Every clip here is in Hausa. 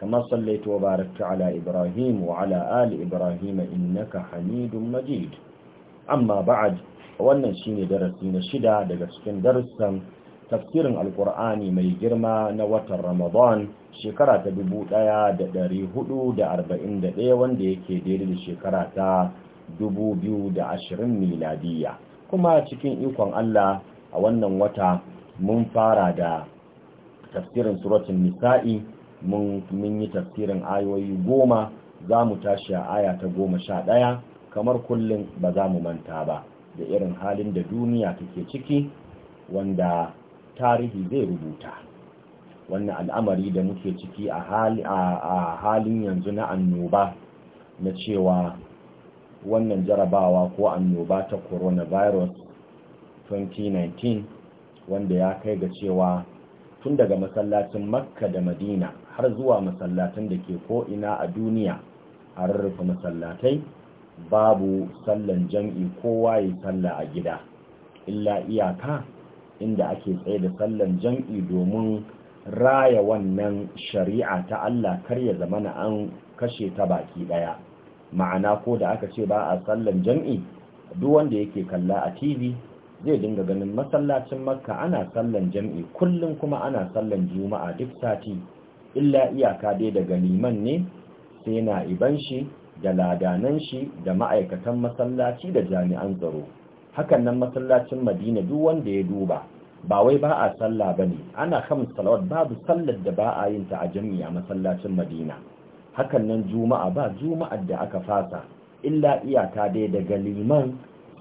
kamar كما صليت وباركت على إبراهيم وعلى آل إبراهيم إنك حميد مجيد أما بعد wannan shine darasi na shida daga cikin darusan tafsirin alkur'ani mai girma na watan ramadan shekara ta dubu ɗaya da da da ɗari arba'in ɗaya wanda yake daidai da shekara ta dubu biyu da ashirin miladiya kuma cikin ikon Allah a wannan wata mun fara da tafsirin suratun nisa'i mun yi tafsirin ayoyi goma za mu tashi a aya ta goma sha ɗaya kamar kullum ba za mu manta ba da irin halin da duniya take ciki wanda tarihi zai rubuta wannan al'amari da muke ciki a halin yanzu na annoba na cewa wannan jarabawa ko annoba ta coronavirus 2019 wanda ya kai ga cewa tun daga masallacin makka da madina har zuwa masallatan da ke ko'ina a duniya a rufe masallatai babu sallan jam'i kowa ya salla a gida illa iyaka inda ake tsaye da sallan jam'i domin raya wannan shari'a ta Allah kar ya zamana an kashe ta baki daya ma'ana ko da aka ce ba a sallan jam'i duk wanda yake kalla a TV zai dinga ganin masallacin makka ana sallan jam'i kullum kuma ana sallan juma'a duk sati illa iyaka dai daga liman ne sai na iban shi da ladanan shi da ma'aikatan masallaci da jami'an tsaro hakan nan masallacin madina duk wanda ya duba ba wai ba a salla ba ne ana kan salawat babu sallar da ba a yin ta a jami'a masallacin madina hakan nan juma'a ba juma'ar da aka fasa illa iyaka dai daga liman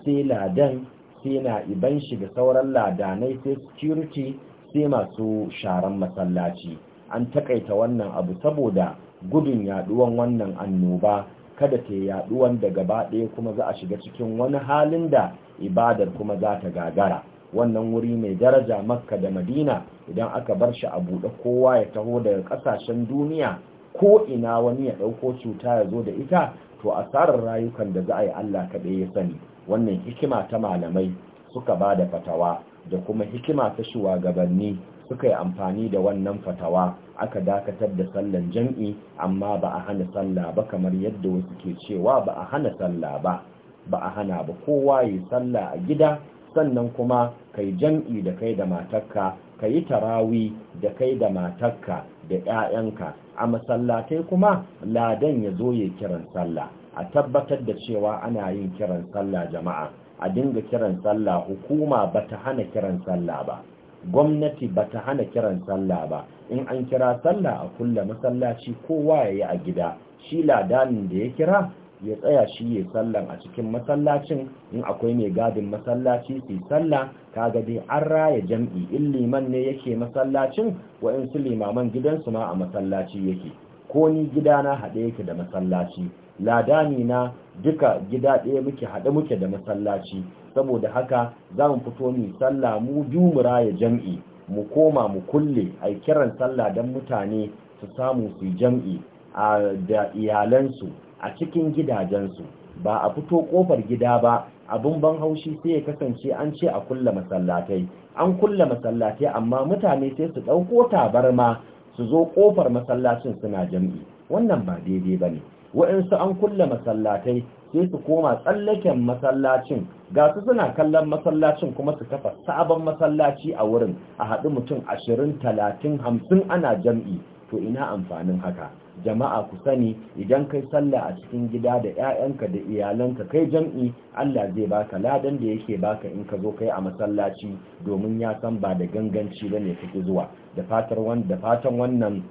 sai ladan sai na iban shi da sauran ladanai sai security sai masu sharan masallaci an takaita wannan abu saboda gudun yaduwan wannan annoba kada ta yaduwan da gaba ɗaya kuma za a shiga cikin wani halin da ibadar kuma za ta gagara wannan wuri mai daraja makka da madina idan aka bar shi a buɗe kowa ya taho daga ƙasashen duniya ko ina wani ya ɗauko cuta ya zo da ita to asarar rayukan da za a yi allah kaɗai ya sani wannan hikima ta malamai suka ba da fatawa da kuma hikima ta shugabanni suka yi amfani da wannan fatawa aka dakatar da sallan jam'i amma ba a hana sallah ba kamar yadda wasu ke cewa ba a hana sallah ba ba a hana ba kowa yi sallah a gida sannan kuma kai jam'i da kai da matakka, ka yi tarawi da kai da matakka, da 'ya'yanka a masallatai kuma ladan ya zo ya kiran sallah a tabbatar da cewa ana yin kiran sallah jama'a a dinga kiran sallah hukuma ba ta hana kiran sallah ba gwamnati ba ta hana kiran sallah ba in an kira sallah a kulla masallaci kowa ya yi a gida shi ladanin da ya kira ya tsaya shi ya sallan a cikin masallacin in akwai mai gadin masallaci su sallah kaga dai an raya jam'i in liman ne yake masallacin wa in su limaman gidansu ma a masallaci yake ko ni gida na haɗe yake da masallaci ladani na duka gida ɗaya muke haɗe muke da masallaci saboda haka za mu fito mu sallah mu jumura ya jam'i mu koma mu kulle a kiran sallah don mutane su samu su jam'i a da iyalansu a cikin gidajensu ba a fito kofar gida ba abin ban haushi sai ya kasance an ce a kulle masallatai an kulle masallatai amma mutane sai su ɗauko tabarma su zo kofar masallacin suna jam'i wannan ba daidai ba ne wa'insu an kulle masallatai sai su koma tsallaken masallacin ga su suna kallon masallacin kuma su kafa sabon masallaci a wurin a haɗu mutum ashirin talatin hamsin ana jam'i to ina amfanin haka jama'a ku sani idan kai sallah a cikin gida da 'ya'yanka da iyalanka kai jam'i Allah zai baka ladan da yake baka in ka zo kai a masallaci domin ya san ba da ganganci bane kake zuwa da fatan wannan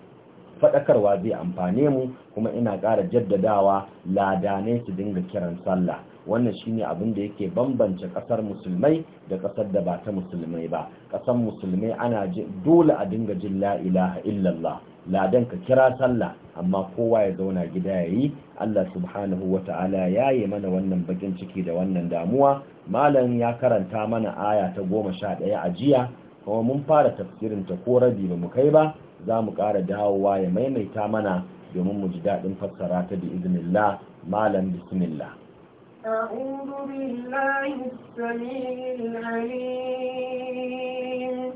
faɗakarwa zai amfane mu kuma ina ƙara jaddadawa ladanai su dinga kiran sallah wannan shine abin da yake bambance ƙasar musulmai da ƙasar da ba ta musulmai ba ƙasar musulmai ana dole a dinga jin la ilaha illallah ladan ka kira sallah amma kowa ya zauna gida ya yi Allah subhanahu wa ta'ala ya yi mana wannan bakin ciki da wannan damuwa malam ya karanta mana aya ta goma sha ɗaya a jiya kuma mun fara tafsirin ta ko rabi ba mu kai ba za mu ƙara dawowa ya maimaita mana domin mu ji daɗin fassara ta bi iznillah malam bismillah أعوذ بالله السميع العليم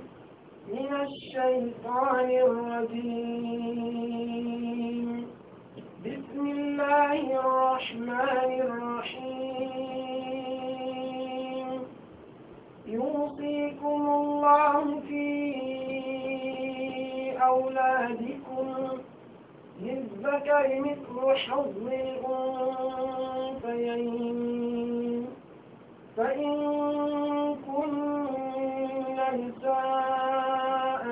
من الشيطان الرجيم بسم الله الرحمن الرحيم يوصيكم الله في الذكر مثل حظ الأنثيين فإن كن نساء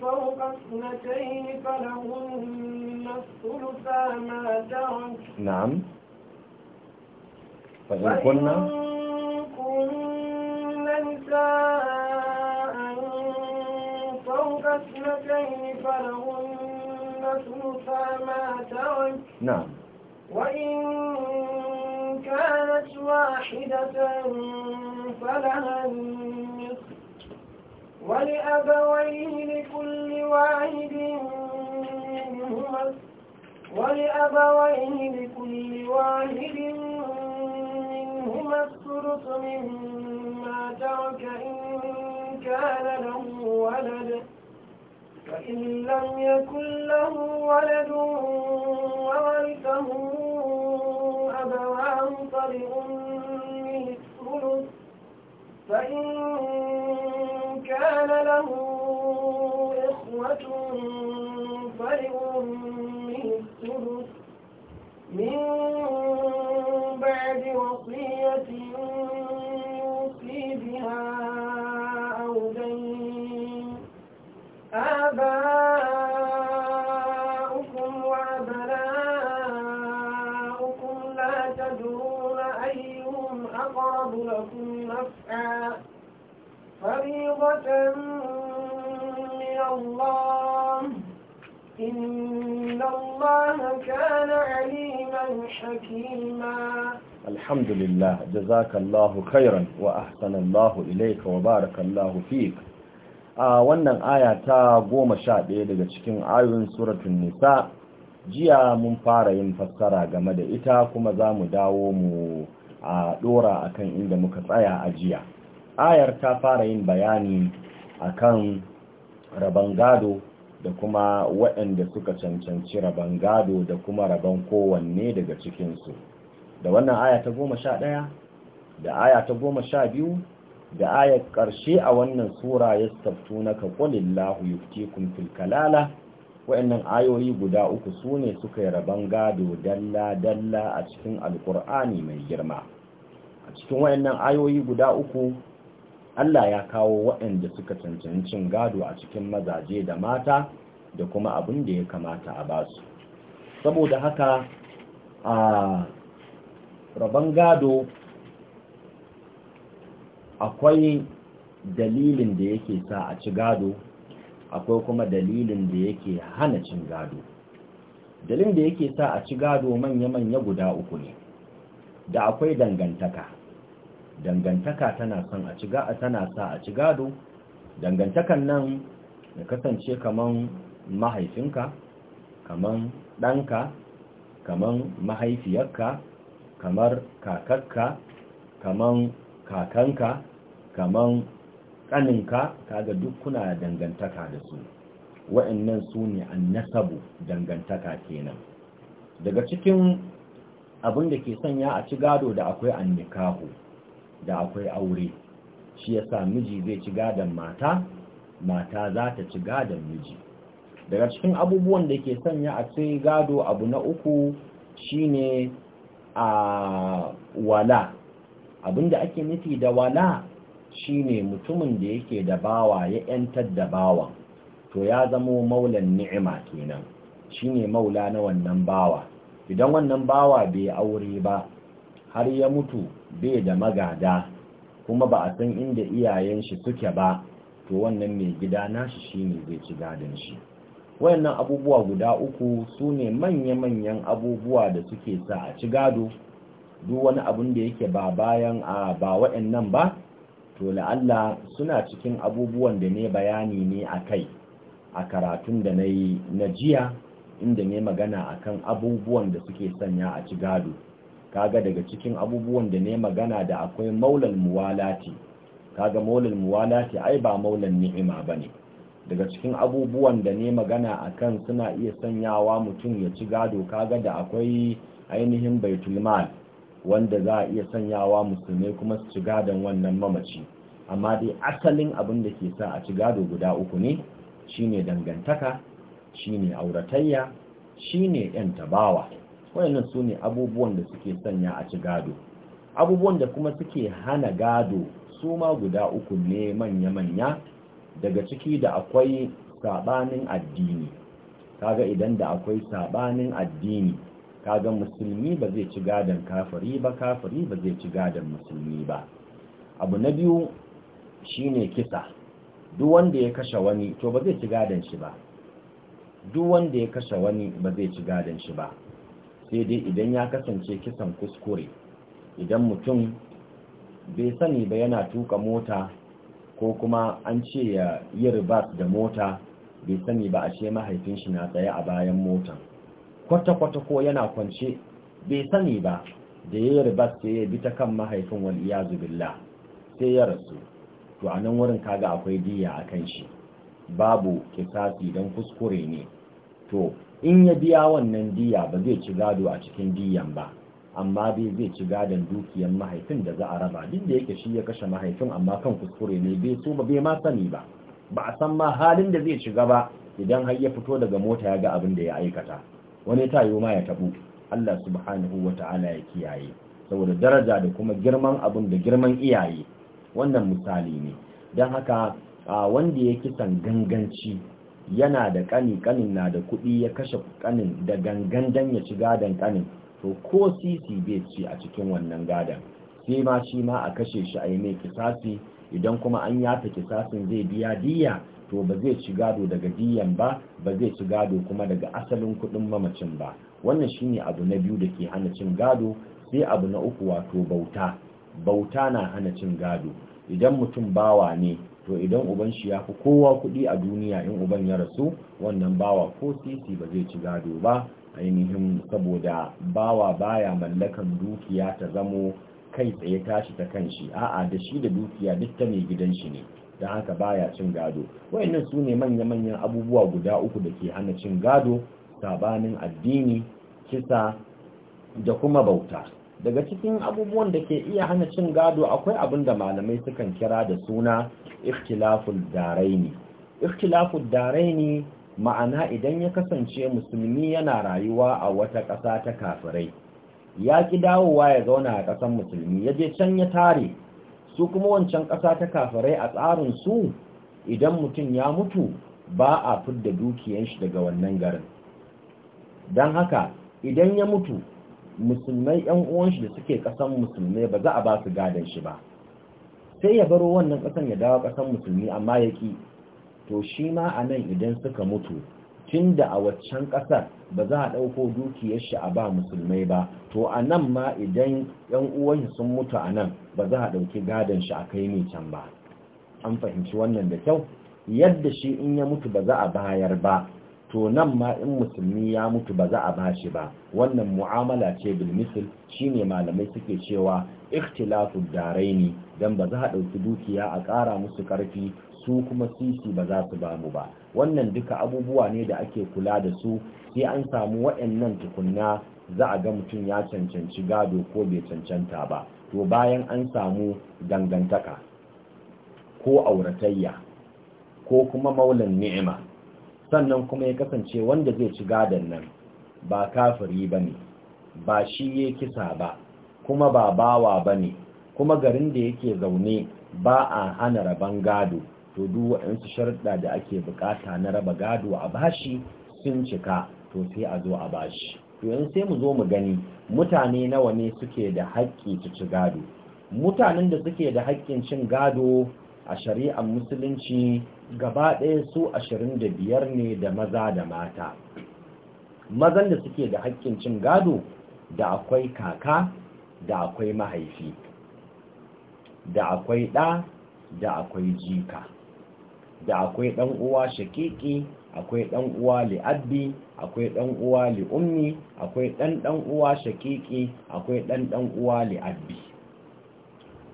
فوق اثنتين فلهن الثلثا ما ترك نعم فإن كن نساء فوق اثنتين فلهن امرأته فما ترك نعم وإن كانت واحدة فلها النصف ولأبويه لكل واحد منهما ولأبويه لكل واحد منهما الثلث مما ترك إن كان له ولد فإن لم يكن له ولد وورثه أبواه فلأمه الثلث فإن كان له إخوة فلأمه الثلث من بعد وصيته رحمة من الله إن الله كان عليما حكيما الحمد لله جزاك الله خيرا وأحسن الله إليك وبارك الله فيك a wannan aya ta goma sha ɗaya daga cikin ayoyin suratun nisa jiya mun fara yin fassara game da ita kuma za mu dawo mu a ɗora akan inda muka tsaya a jiya ayar ta fara yin bayani akan rabon gado da kuma waɗanda suka cancanci rabon gado da kuma rabon kowanne daga cikinsu da wannan aya ta goma sha ɗaya da aya ta goma sha biyu da aya ƙarshe a wannan sura ya sabtu na kakwalillahu yuftikun filkalala Waɗannan ayoyi guda uku su ne suka yi rabon gado dalla-dalla a cikin alkur'ani mai girma a cikin waɗannan ayoyi guda uku Allah ya kawo waɗanda suka cancancin gado a cikin mazaje da mata da kuma abin da ya kamata a basu saboda haka a rabon gado akwai dalilin da yake sa a ci gado akwai kuma dalilin da yake hana cin gado dalilin da yake sa a ci gado manya-manya guda uku ne da akwai dangantaka dangantaka tana son a ciga tana sa a ci gado dangantakan nan ya kasance kaman mahaifinka kaman ɗanka kaman mahaifiyarka kamar kakarka, kaman kakanka kaman ƙaninka kaga duk kuna dangantaka da su wa'annan su ne an nasabu dangantaka kenan daga cikin abin da ke sanya a ci gado da akwai annikahu da akwai aure shi yasa miji zai ci gadon mata mata za ta ci gadon miji daga cikin abubuwan da ke sanya a sai gado abu na uku shine a wala abinda ake nufi da wala shine mutumin da yake da bawa ya yantar da bawan to ya zamo maulan ni'ima kenan shine maula na wannan bawa idan wannan bawa bai aure ba har ya mutu bai da magada kuma ba a san inda iyayen shi suke ba to wannan mai gida nashi shine zai ci gadon shi wayannan abubuwa guda uku su ne manya-manyan abubuwa da suke sa a ci gado duk wani abun da yake ba bayan a ba wayannan ba to la'alla suna cikin abubuwan da ne bayani ne a kai a karatun da nayi yi na jiya inda ne magana akan abubuwan da suke sanya a ci gado kaga daga cikin abubuwan da ne magana da akwai maulal muwalati kaga maulal muwalati ai ba maulan ni'ima bane daga cikin abubuwan da ne magana akan suna iya sanyawa mutum ya ci gado kaga da akwai ainihin baitul mal wanda za a iya sanyawa musulmai kuma su ci gadon wannan mamaci amma dai asalin abin da ke sa a ci gado guda uku ne shine dangantaka shine auratayya shine yan tabawa wayannan su ne abubuwan da suke sanya a ci gado abubuwan da kuma suke hana gado su ma guda uku ne manya-manya daga ciki da akwai sabanin addini kaga idan da akwai sabanin addini kaga musulmi ba zai ci gadon kafiri ba kafiri ba zai ci gadon musulmi ba abu na biyu shine kisa duk wanda ya kashe wani to ba zai ci gadon shi ba duk wanda ya kashe wani ba zai ci gadon shi ba sai dai idan ya kasance kisan kuskure idan mutum bai sani ba yana tuka mota ko kuma an ce ya yi ribas da mota bai sani ba ashe mahaifin shi na tsaye a bayan motan kwata-kwata ko yana kwance bai sani ba da ya yi ribas sai ya bi ta kan mahaifin wani iya zubilla sai ya rasu to a nan wurin kaga akwai diya a kan shi babu kisasi don kuskure ne to in ya biya wannan diya ba zai ci gado a cikin diyan ba amma bai zai ci gadon dukiyar mahaifin da za a raba duk da yake shi ya kashe mahaifin amma kan kuskure ne bai so ba bai ma sani ba ba a san ma halin da zai shiga ba idan har ya fito daga mota ya ga abin da ya aikata wani ta yi ma ya tabu Allah subhanahu wa ta'ala ya kiyaye saboda daraja da kuma girman abin da girman iyaye wannan misali ne don haka wanda ya kisan ganganci yana da ƙani kanin na da kuɗi ya kashe kanin da gangan dan ya ci gadon ƙanin to ko sisi bai ci a cikin wannan gadon sai ma shi ma a kashe shi a yi mai kisasi idan kuma an yafe kisasin zai biya diya to ba zai ci gado daga diyan ba ba zai ci gado kuma daga asalin kuɗin mamacin ba wannan shine abu na biyu da ke hana cin gado sai abu na uku wato bauta bauta na hana cin gado idan mutum bawa ne to idan uban shi ya fi kowa kuɗi a duniya in uban ya rasu wannan bawa ko sisi ba zai ci gado ba ainihin saboda bawa baya mallakan dukiya ta zamo kai tsaye tashi ta kan shi a'a da shi da dukiya duk ta mai gidan shi ne don haka baya cin gado wayannan su ne manya-manyan abubuwa guda uku da ke hana cin gado sabanin addini kisa da kuma bauta daga cikin abubuwan da ke iya hana cin gado akwai abin da malamai sukan kira da suna ikhtilaful daraini ikhtilaful daraini ma'ana idan ya kasance musulmi yana rayuwa a wata ƙasa ta kafirai ya ki dawowa ya zauna a ƙasar musulmi ya je can ya tare su kuma wancan ƙasa ta kafirai a tsarin su idan mutum ya mutu ba a fidda dukiyan shi daga wannan garin don haka idan ya mutu musulmai yan uwan shi da suke kasan musulmai ba za a ba su gadon shi ba sai ya baro wannan kasan ya dawo kasan musulmi amma ya ki to shi ma a nan idan suka mutu tun da a waccan kasar ba za a ɗauko dukiyar shi a ba musulmai ba to a nan ma idan yan uwan sun mutu a nan ba za a ɗauki gadon shi a kai mai can ba an fahimci wannan da kyau yadda shi in ya mutu ba za a bayar ba to nan ma in musulmi ya mutu ba za a shi ba wannan mu'amala ce bil misl shine malamai suke cewa ikhtilafu daraini dan ba za a dauki dukiya a ƙara musu ƙarfi su kuma sisi ba za su ba mu ba wannan duka abubuwa ne da ake kula da su sai an samu waɗannan tukunna za a ga mutum ya cancanci gado ko bai cancanta ba to bayan an samu dangantaka ko auratayya ko kuma maulan ni'ima sannan kuma ya kasance wanda zai ci gadon nan ba kafiri ba ne ba shi ya kisa ba kuma ba bawa ba ne kuma garin da yake zaune ba a hana raban gado to duk waɗansu sharuɗa da ake bukata na raba gado a bashi sun cika to sai a zo a bashi to yanzu sai mu zo mu gani mutane nawa ne suke da haƙƙi su ci gado mutanen da suke da haƙƙin cin gado a shari'ar musulunci gaba ɗaya su ashirin da biyar ne da maza da mata mazan da suke da haƙƙin cin gado da akwai kaka da akwai mahaifi da akwai ɗa da akwai jika da akwai ɗan uwa shakiki akwai ɗan uwa li'abbi akwai ɗan uwa li'ummi akwai ɗan ɗan uwa shakiki akwai ɗan ɗan uwa li'abbi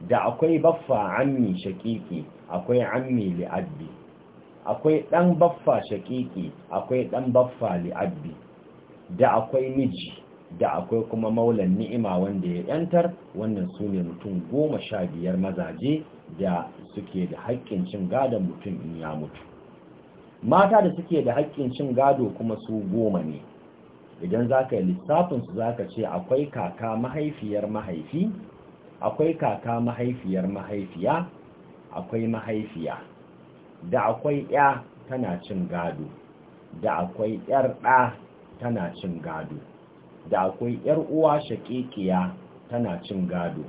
da akwai baffa ammi shakiki akwai ammi li'abbi akwai ɗan baffa shaƙiƙi akwai ɗan baffa li'abbi da akwai miji da akwai kuma maulan ni'ima wanda ya yantar wannan su ne mutum goma sha biyar mazaje da suke da haƙƙin cin gadon mutum in ya mutu mata da suke da haƙƙin cin gado kuma su goma ne idan za ka yi lissafinsu za ka ce akwai kaka mahaifiyar mahaifi akwai kaka mahaifiyar mahaifiya akwai mahaifiya da akwai ya tana cin gado da akwai yar ɗa tana cin gado da akwai yar uwa shaƙiƙiya tana cin gado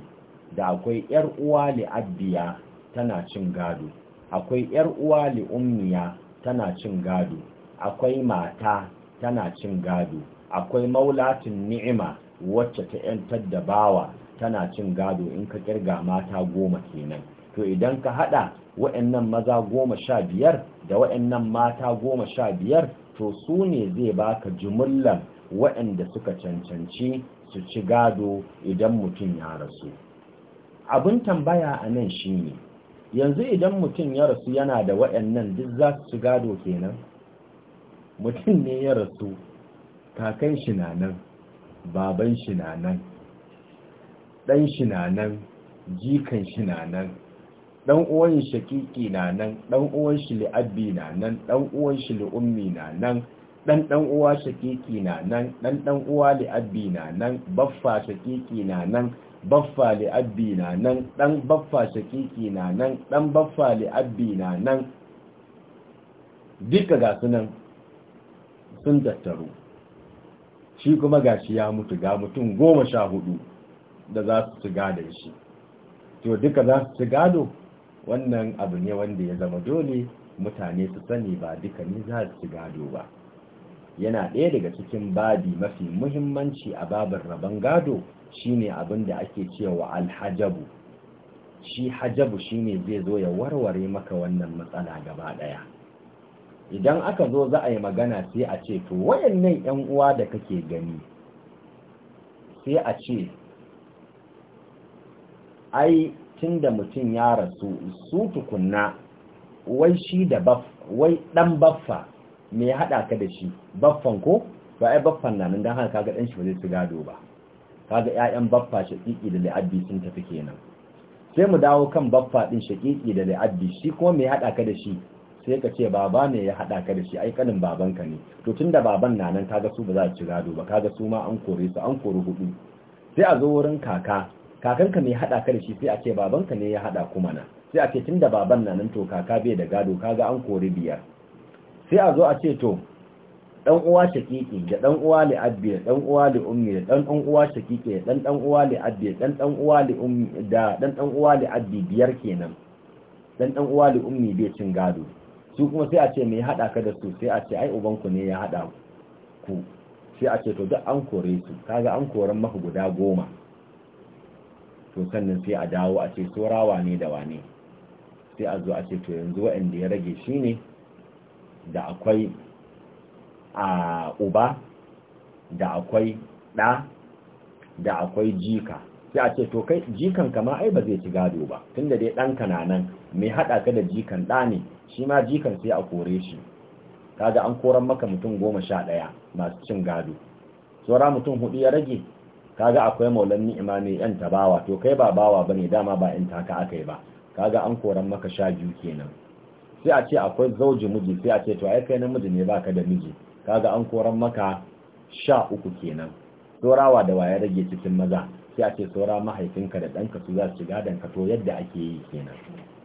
da akwai yar uwa li'addiya tana cin gado akwai yar uwa li'ummiya tana cin gado akwai mata tana cin gado akwai maulatin ni'ima wacce ta 'yan da tana cin gado in ka ƙirga mata goma kenan to idan ka haɗa. wa'annan maza goma sha biyar da wa'annan mata goma sha biyar to su ne zai baka jimillar wa'anda suka cancanci su ci gado idan mutum ya rasu abin tambaya a nan shi ne yanzu idan mutum ya rasu yana da wa'annan duk za su ci gado kenan mutum ne ya rasu kakan shi na nan baban shi na nan ɗan shi na nan jikan shi na nan dan uwan shakiki na nan dan uwan shi li'abbi na nan dan uwan shi li'ummi na nan dan dan uwa shakiki na nan dan dan uwa li'abbi na nan baffa shakiki na nan baffa li'abbi na nan dan baffa shakiki na nan dan baffa li'abbi na nan duka ga sunan sun tattaru shi kuma gashi ya mutu ga mutum goma sha hudu da za su ci gadon shi to duka za su ci gado wannan abu ne wanda ya zama dole mutane su sani ba duka ni za su gado ba yana ɗaya daga cikin babi mafi muhimmanci a babin rabon gado shine abin da ake cewa alhajabu shi hajabu shine zai zo ya warware maka wannan matsala gaba ɗaya idan aka zo za a yi magana sai a ce to wayannan yan uwa da kake gani sai a ce ai tun da mutum ya rasu su tukunna wai shi da baf wai dan baffa me ya hada ka da shi baffan ko ba ai baffan na nan dan haka kaga dan shi ba zai ci gado ba kaga ƴaƴan baffa shaqiqi da li'abbi sun tafi kenan sai mu dawo kan baffa din shaƙiƙi da li'abbi shi kuma me ya hada ka da shi sai ka ce baba ne ya hada ka da shi ai kanin babanka ne to tunda baban na nan kaga su ba za su ci gado ba kaga su ma an kore su an kore hudu sai a zo wurin kaka kakanka ne haɗa ka da shi sai a ce babanka ne ya haɗa kuma na sai a ce tun da baban na nan to kaka bai da gado kaga an kori biyar sai a zo a ce to dan uwa shakiki da dan uwa li abbi da dan uwa li ummi da dan dan uwa shakiki da dan dan uwa li abbi da dan dan uwa li ummi da dan dan uwa li abbi biyar kenan dan dan uwa li ummi bai cin gado su kuma sai a ce me ya hada ka da su sai a ce ai ubanku ne ya hada ku sai a ce to duk an kore su kaga an koran maka guda goma to sannan sai a dawo a ce saura wane da wane sai a zo a ce to yanzu waɗanda ya rage shi ne da akwai a uba da akwai ɗa da akwai jika sai a ce to kai jikan kama ai ba zai ci gado ba tunda dai ɗanka na nan mai haɗa ka da jikan ɗa ne shi ma jikan sai a kore shi kaga an koran maka mutum goma sha ɗaya masu cin gado saura mutum hudu ya rage kaga akwai maulan ni'ima yan ta to kai ba bawa bane dama ba yan taka akai ba kaga an koran maka sha biyu kenan sai a ce akwai zauji miji sai a ce to ai kai namiji ne baka da miji kaga an koran maka sha uku kenan saurawa da waye rage cikin maza sai a ce saura mahaifinka da ɗanka su za su shiga ka to yadda ake yi kenan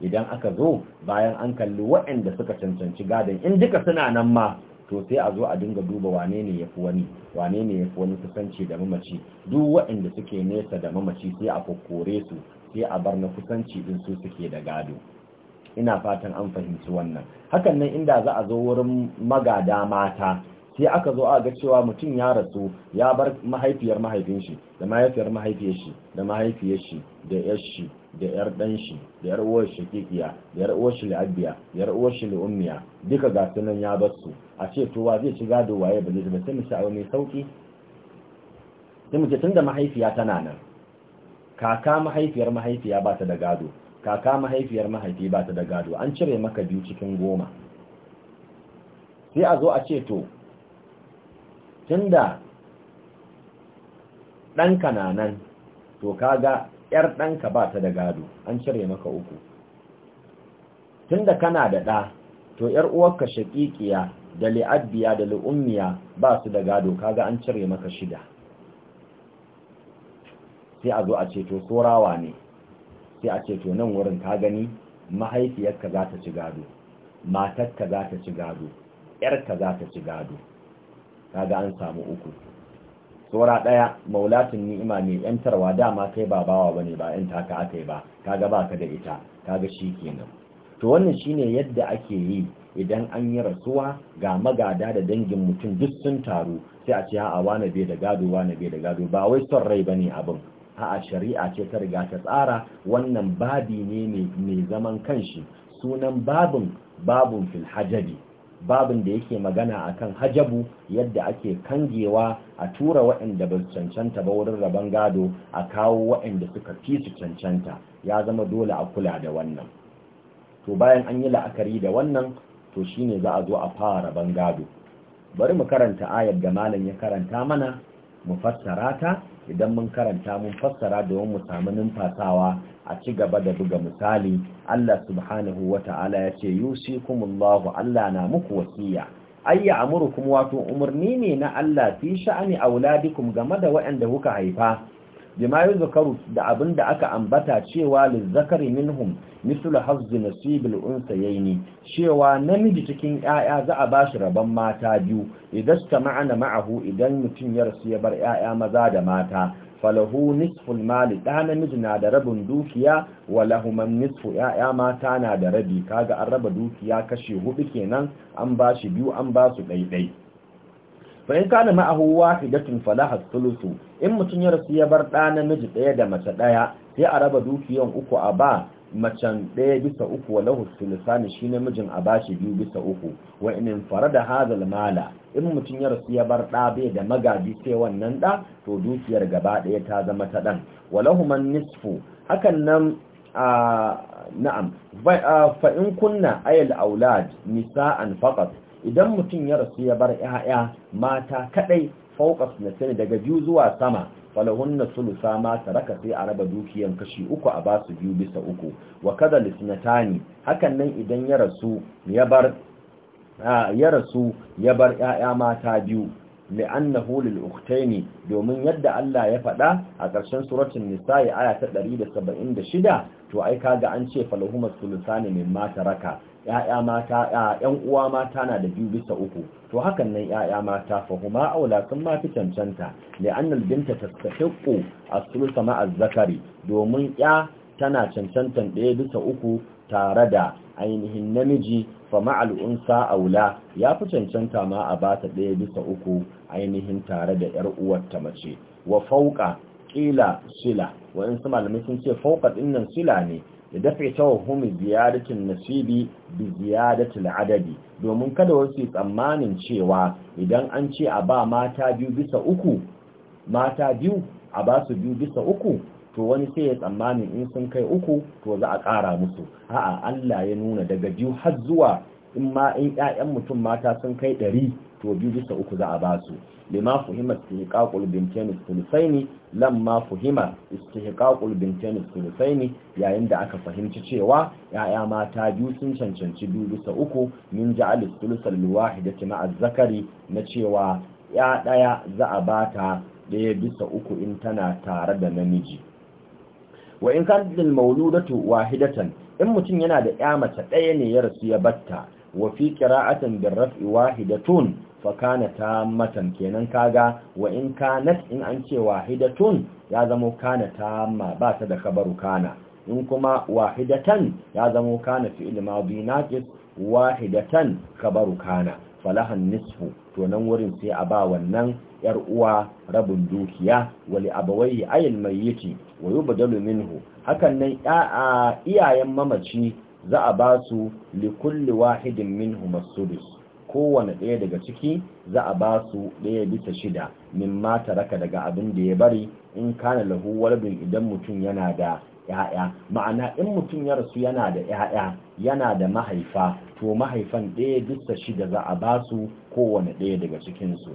idan aka zo bayan an kalli waɗanda suka cancanci gadon in duka suna nan ma to sai a zo a dinga duba wane ne ya fi wani wane ne ya fi wani kusanci da mamaci duk waɗanda suke nesa da mamaci sai a kokore su sai a bar na kusanci din su suke da gado ina fatan an fahimci wannan hakan nan inda za a zo wurin magada mata sai aka zo a ga cewa mutum ya rasu ya bar mahaifiyar mahaifin shi da mahaifiyar mahaifiyar shi da mahaifiyar shi da yar shi da yar dan shi da yar uwar shakikiya da yar uwar shi la'abiya da yar uwar shi la'ummiya duka ga sunan ya bar su a ce to wa zai shiga da waye ba zai ba sai mu ci abu mai sauki sai mu ce da mahaifiya tana nan kaka mahaifiyar mahaifiya ba ta da gado kaka mahaifiyar mahaifi ba ta da gado an cire maka biyu cikin goma sai a zo a ce to tunda ɗanka na nan to kaga 'yar ɗanka ba ta da gado an cire maka uku tunda kana da ɗa to 'yar uwarka shaƙiƙiya da li'abbiya da li'ummiya ba su da gado kaga an cire maka shida sai a zo a ce to sorawa ne sai a ce to nan wurin ka gani mahaifiyarka za ta ci gado matarka za ta ci gado 'yarka za ta ci gado kaga an samu uku tsora ɗaya maulatin ni'ima mai yantarwa dama kai ba bawa bane ba yan taka aka yi ba kaga ba ka da ita kaga shi kenan to wannan shine yadda ake yi idan an yi rasuwa ga magada da dangin mutum duk sun taru sai a ce a wane bai da gado wane bai da gado ba wai son rai bane abin a'a shari'a ce ta riga ta tsara wannan babi ne mai zaman kanshi sunan babin babun fil babin da yake magana akan hajabu yadda ake kangewa a tura waɗanda ba su cancanta ba wurin rabon gado a kawo waɗanda suka fi su cancanta ya zama dole a kula da wannan to bayan an yi la'akari da wannan to shine za a zo a fara rabon gado bari mu karanta ayar da malam ya karanta mana mu fassara ta idan mun karanta mun fassara domin mu samu numfasawa a ci gaba da buga misali Allah subhanahu wata'ala ya ce yusikumullahu Allah na muku wasiya ayya kuma wato umarni ne na Allah fi sha'ani auladikum game da waɗanda kuka haifa bima zakaru da abinda aka ambata cewa lizzakari minhum mislu hazzi nasibil unsayaini cewa namiji cikin 'ya'ya za a bashi rabon mata biyu idan ta ma'ana ma'ahu idan mutum ya rasu ya bar 'ya'ya maza da mata falahu nisful mali da namiji na da rabin dukiya wa lahuman nisfu ya'ya mata na da rabi kaga an raba dukiya kashe hudu kenan an ba shi biyu an ba su ɗaiɗai fa in kana ahu wahidatin falaha thuluthu in mutun ya rasu ya bar da namiji daya da mace daya sai a raba dukiyan uku a ba macen ɗaya bisa uku wa lahu sulisani shi namijin a bashi biyu bisa uku wa in fara da hazal mala in mutum ya rasu ya bar ɗa bai da magaji sai wannan ɗa to dukiyar gaba ɗaya ta zama ta ɗan wa lahu man nisfu hakan nan na'am kunna ayal aulad nisa'an faqat idan mutum ya rasu ya bar 'ya'ya mata kadai fawqa sunnatayn daga biyu zuwa sama falahunna sulusa ma taraka sai a raba dukiyan kashi uku a ba su biyu bisa uku wa kada lisnatani hakan nan idan ya rasu ya bar ya rasu ya bar ƴaƴa mata biyu li'annahu lil ukhtaini domin yadda Allah ya faɗa a ƙarshen suratul nisa'i aya ta 176 to ai kaga an ce ne sulusani mimma taraka ya'ya mata yan uwa mata na da biyu bisa uku to hakan nan ya'ya mata fahuma aula sun ma fi cancanta da annal binta ta a sulsa ma'a az-zakari domin ya tana cancantan ɗaya bisa uku tare da ainihin namiji fa ma'al unsa aula ya fi cancanta ma a bata ɗaya bisa uku ainihin tare da yar uwarta mace wa fauka ƙila sila wa'in su malamai sun ce fauka ɗinnan sila ne لدفع توهم nasibi bi ziyadatul Adadi, domin kada wasu tsammanin cewa idan an ce a ba mata biyu bisa uku mata biyu a ba su biyu bisa uku to wani sai ya tsammanin in sun kai uku to za a ƙara musu a'a Allah ya nuna daga biyu har zuwa in ma in ƴaƴan mutum mata sun kai ɗari to biyu bisa uku za a ba su lima fuhima istihqaqul bintayn thuluthaini lamma fuhima istihqaqul bintayn thuluthaini yayin da aka fahimci cewa yaya mata biyu sun cancanci biyu bisa uku min ja'al thuluthal liwahidati ma'a zakari na cewa ya daya za a ta daya bisa uku in tana tare da namiji wa in kanat al mawludatu wahidatan in mutum yana da ya mace ɗaya ne ya rasu ya batta wa fi qira'atin bil raf'i wahidatun fa kana tammatan kenan kaga wa in kanat in an ce wahidatun ya zama kana tamma ba ta da khabaru kana in kuma wahidatan ya zama kana fi'il madi naqis wahidatan khabaru kana falahan nisfu to nan wurin sai a ba wannan yar uwa rabin dukiya wali abawai ayil mayyiti wa yubdalu minhu hakan nan iyayen mamaci za a ba su likulli wahidin minhu as kowane ɗaya daga ciki za a ba su ɗaya bisa shida min mata raka daga abin da ya bari in kana lahu walbin idan mutum yana da ‘ya'ya ma'ana in mutum ya rasu yana da ‘ya'ya yana da mahaifa to mahaifan ɗaya bisa shida za a ba su kowane ɗaya daga cikinsu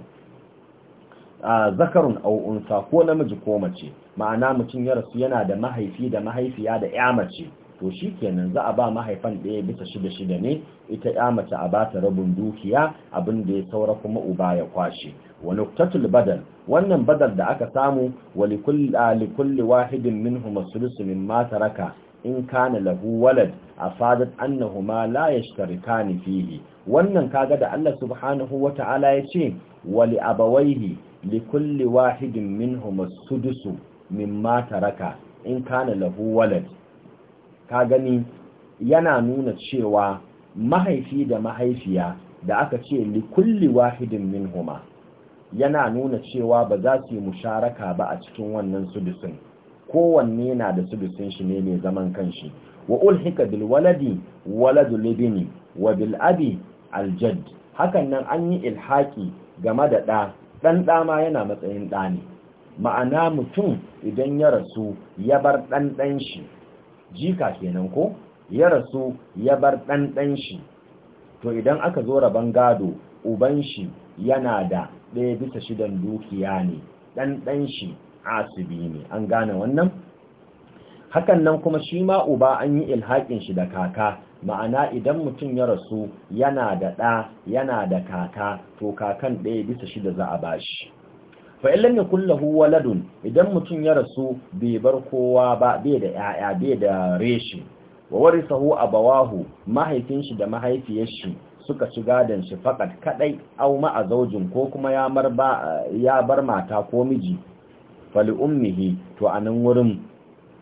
a zakarun au au'unsa ko namiji ko mace ma'ana mutum ya rasu yana da mahaifi da mahaifiya da ‘ya mace to shi kenan za a ba mahaifan ɗaya bisa shida shida ne ita ya mace a ba ta rabin dukiya abin da ya saura kuma uba ya kwashe Wani nuktatul badal wannan badal da aka samu wa likulli wahidin minhum as-sulusu mata raka, in kana lahu walad afadat annahuma la ni fihi wannan kaga da Allah subhanahu wata'ala yace wa li abawayhi likulli wahidin minhum as-sudusu mata raka, in kana lahu walad ka gani yana nuna cewa mahaifi da mahaifiya da aka ce li kulli wahidin huma. yana nuna cewa ba za su yi musharaka ba a cikin wannan sudusin kowanne na da sudusin shi ne mai zaman kanshi wa ulhika bil waladi waladul libini wa bil abi al hakan nan an yi ilhaki game da ɗa ɗan ɗa ma yana matsayin ɗa ne ma'ana mutum idan ya rasu ya bar ɗan ɗan shi jika kenan ko ya rasu ya bar ɗanɗan shi to idan aka zo rabon gado uban shi yana da ɗaya bisa shidan dukiya ne ɗanɗan shi asibi ne an gane wannan hakan nan kuma shi ma uba an yi ilhaƙin shi da kaka ma'ana idan mutum ya rasu yana da ɗa yana da kaka to kakan ɗaya bisa shida za a bashi fa in kulle yakul lahu waladun idan mutum ya rasu bai bar kowa ba bai da yaya bai da reshi wa warisahu abawahu mahaifin shi da mahaifiyar shi suka ci gadon shi fakat kadai aw ma azawjin ko kuma ya mar ya bar mata ko miji fali ummihi to anan wurin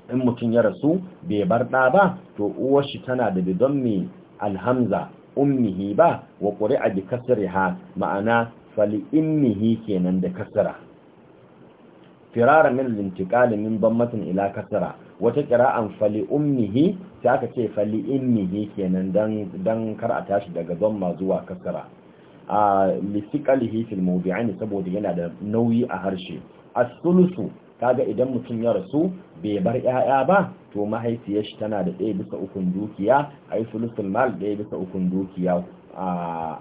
in mutum ya rasu bai bar ɗa ba to uwar shi tana da bidon mai alhamza ummihi ba wa ƙuri'a bi kasriha ma'ana fali ummihi kenan da kasra firara min lintiqali min dammatin ila kasra wata qira'an fali ummihi sai aka ce fali ummihi kenan dan dan kar a tashi daga zamma zuwa kasra a lisiqalihi fil mawdi'ain saboda yana da nauyi a harshe as-sulusu kaga idan mutum ya rasu bai bar ‘ya'ya ba to mahaifiyar shi tana da ɗaya bisa ukun dukiya ai sulusul mal ɗaya bisa ukun dukiya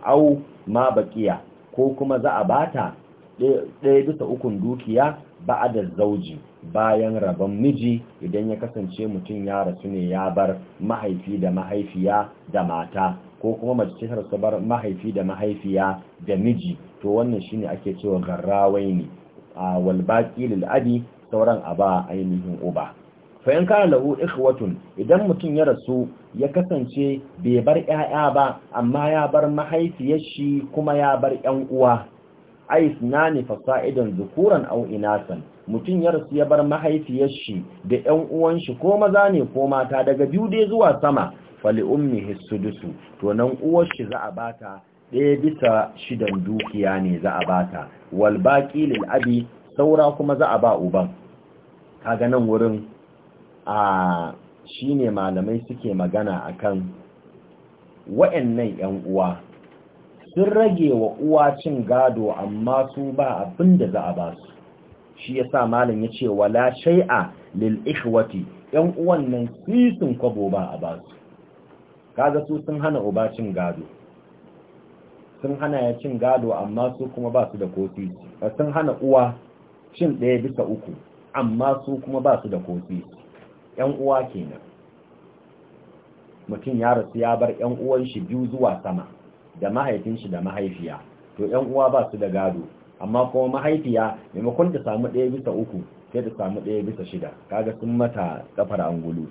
au ma baƙiya ko kuma za a bata ɗaya bisa ukun dukiya ba da zauji bayan rabon miji idan ya kasance mutum ya rasu ne ya bar mahaifi da mahaifiya da mata ko kuma mace ce ta bar mahaifi da mahaifiya da miji to wannan shine ake cewa garrawai ne a walbaki lil'abi sauran a ba ainihin uba Fayanka kana lahu ikhwatun idan mutum ya rasu ya kasance bai bar 'ya'ya ba amma ya bar mahaifiyar shi kuma ya bar 'yan uwa ais nani fasa'idan zukuran au inasan mutun ya rasu ya bar mahaifiyar shi da ƴan uwan shi ko maza ne ko mata daga biyu dai zuwa sama fali ummi dusu. to nan uwar shi za a bata ɗaya bisa shidan dukiya ne za a bata wal baki lil abi saura kuma za a ba uban kaga nan wurin a shine malamai suke magana akan wa'annan ƴan uwa sun rage wa uwa cin gado amma su ba abin da za a ba su shi ya sa malin ya ce wala shai'a lil ikhwati yan uwan nan sun kwabo ba a ba su kaga su sun hana uba cin gado sun hana ya cin gado amma su kuma ba su da kofi sun hana uwa cin ɗaya bisa uku amma su kuma ba su da kofi yan uwa kenan mutum ya rasu ya bar yan uwan shi biyu zuwa sama da mahaifin shi da mahaifiya to yan uwa ba su da gado amma kuma mahaifiya maimakon ta samu ɗaya bisa uku sai ta samu ɗaya bisa shida kaga sun mata kafar angulu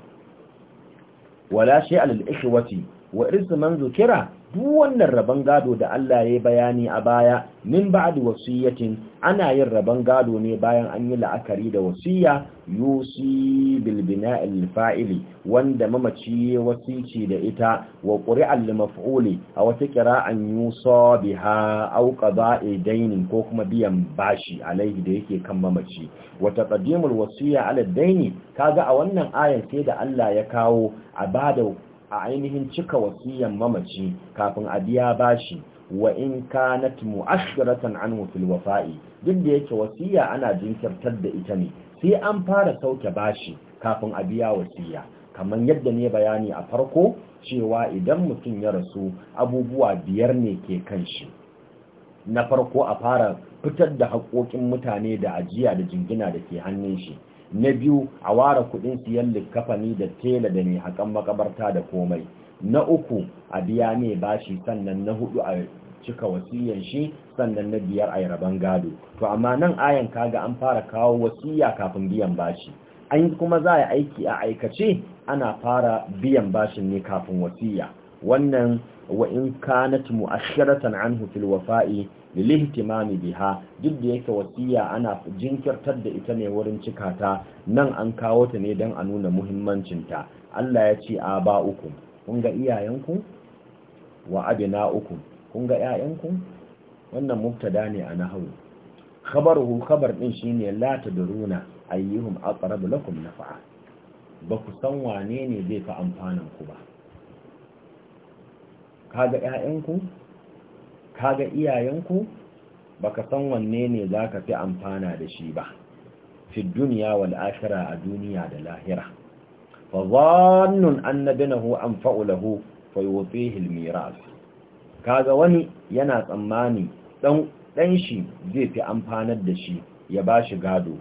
wala shi alal ikhwati wa irsu man zukira duk wannan rabon gado da Allah ya bayani a baya min ba'd wasiyatin ana yin rabon gado ne bayan an yi la'akari da wasiya yusi bil bina'il fa'ili wanda mamaci ya wasici da ita wa qur'an lil maf'uli a wata qira'an yusa biha aw qada'i dainin ko kuma biyan bashi alaihi da yake kan mamaci wa taqdimul wasiya ala daini kaga a wannan ayan sai da Allah ya kawo a bada a ainihin cika wasiyan mamaci kafin a biya bashi wa in kanat mu'ashiratan anhu fil wafa'i duk da yake wasiya ana jinkirtar da ita ne sai an fara sauke bashi kafin a biya wasiya kamar yadda ne bayani a farko cewa idan mutum ya rasu abubuwa biyar ne ke kan shi na farko a fara fitar da haƙoƙin mutane da ajiya da jingina da ke hannun shi na biyu a ware kuɗin siyan likafani da tela da mai hakan makabarta da komai na uku a biya ne bashi sannan na hudu a cika wasiyan shi sannan na biyar a raban gado to amma nan ayan kaga an fara kawo wasiya kafin biyan bashi an kuma za a aiki a aikace ana fara biyan bashin ne kafin wasiya wannan wa in kanat mu'ashiratan anhu fil wafa'i lilihtimami biha duk da yake wasiya ana jinkirtar da ita ne wurin cika ta nan an kawo ta ne don a nuna muhimmancin ta Allah ya ce a ba uku kun ga iyayenku wa abina uku kun ga iyayenku wannan mubtada ne a nahwu khabaruhu khabar din shine la tadruna ayyuhum aqrabu lakum naf'a ba ku san wane ne zai fi amfanan ku ba ka ga 'ya'yanku. kaga iyayenku baka san wanne ne zaka fi amfana da shi ba fi duniya wal akhira a duniya da lahira fa zannun annabinahu an fa'ulahu fa yufihi al miras kaga wani yana tsammani ɗan dan shi zai fi amfanar da shi ya ba shi gado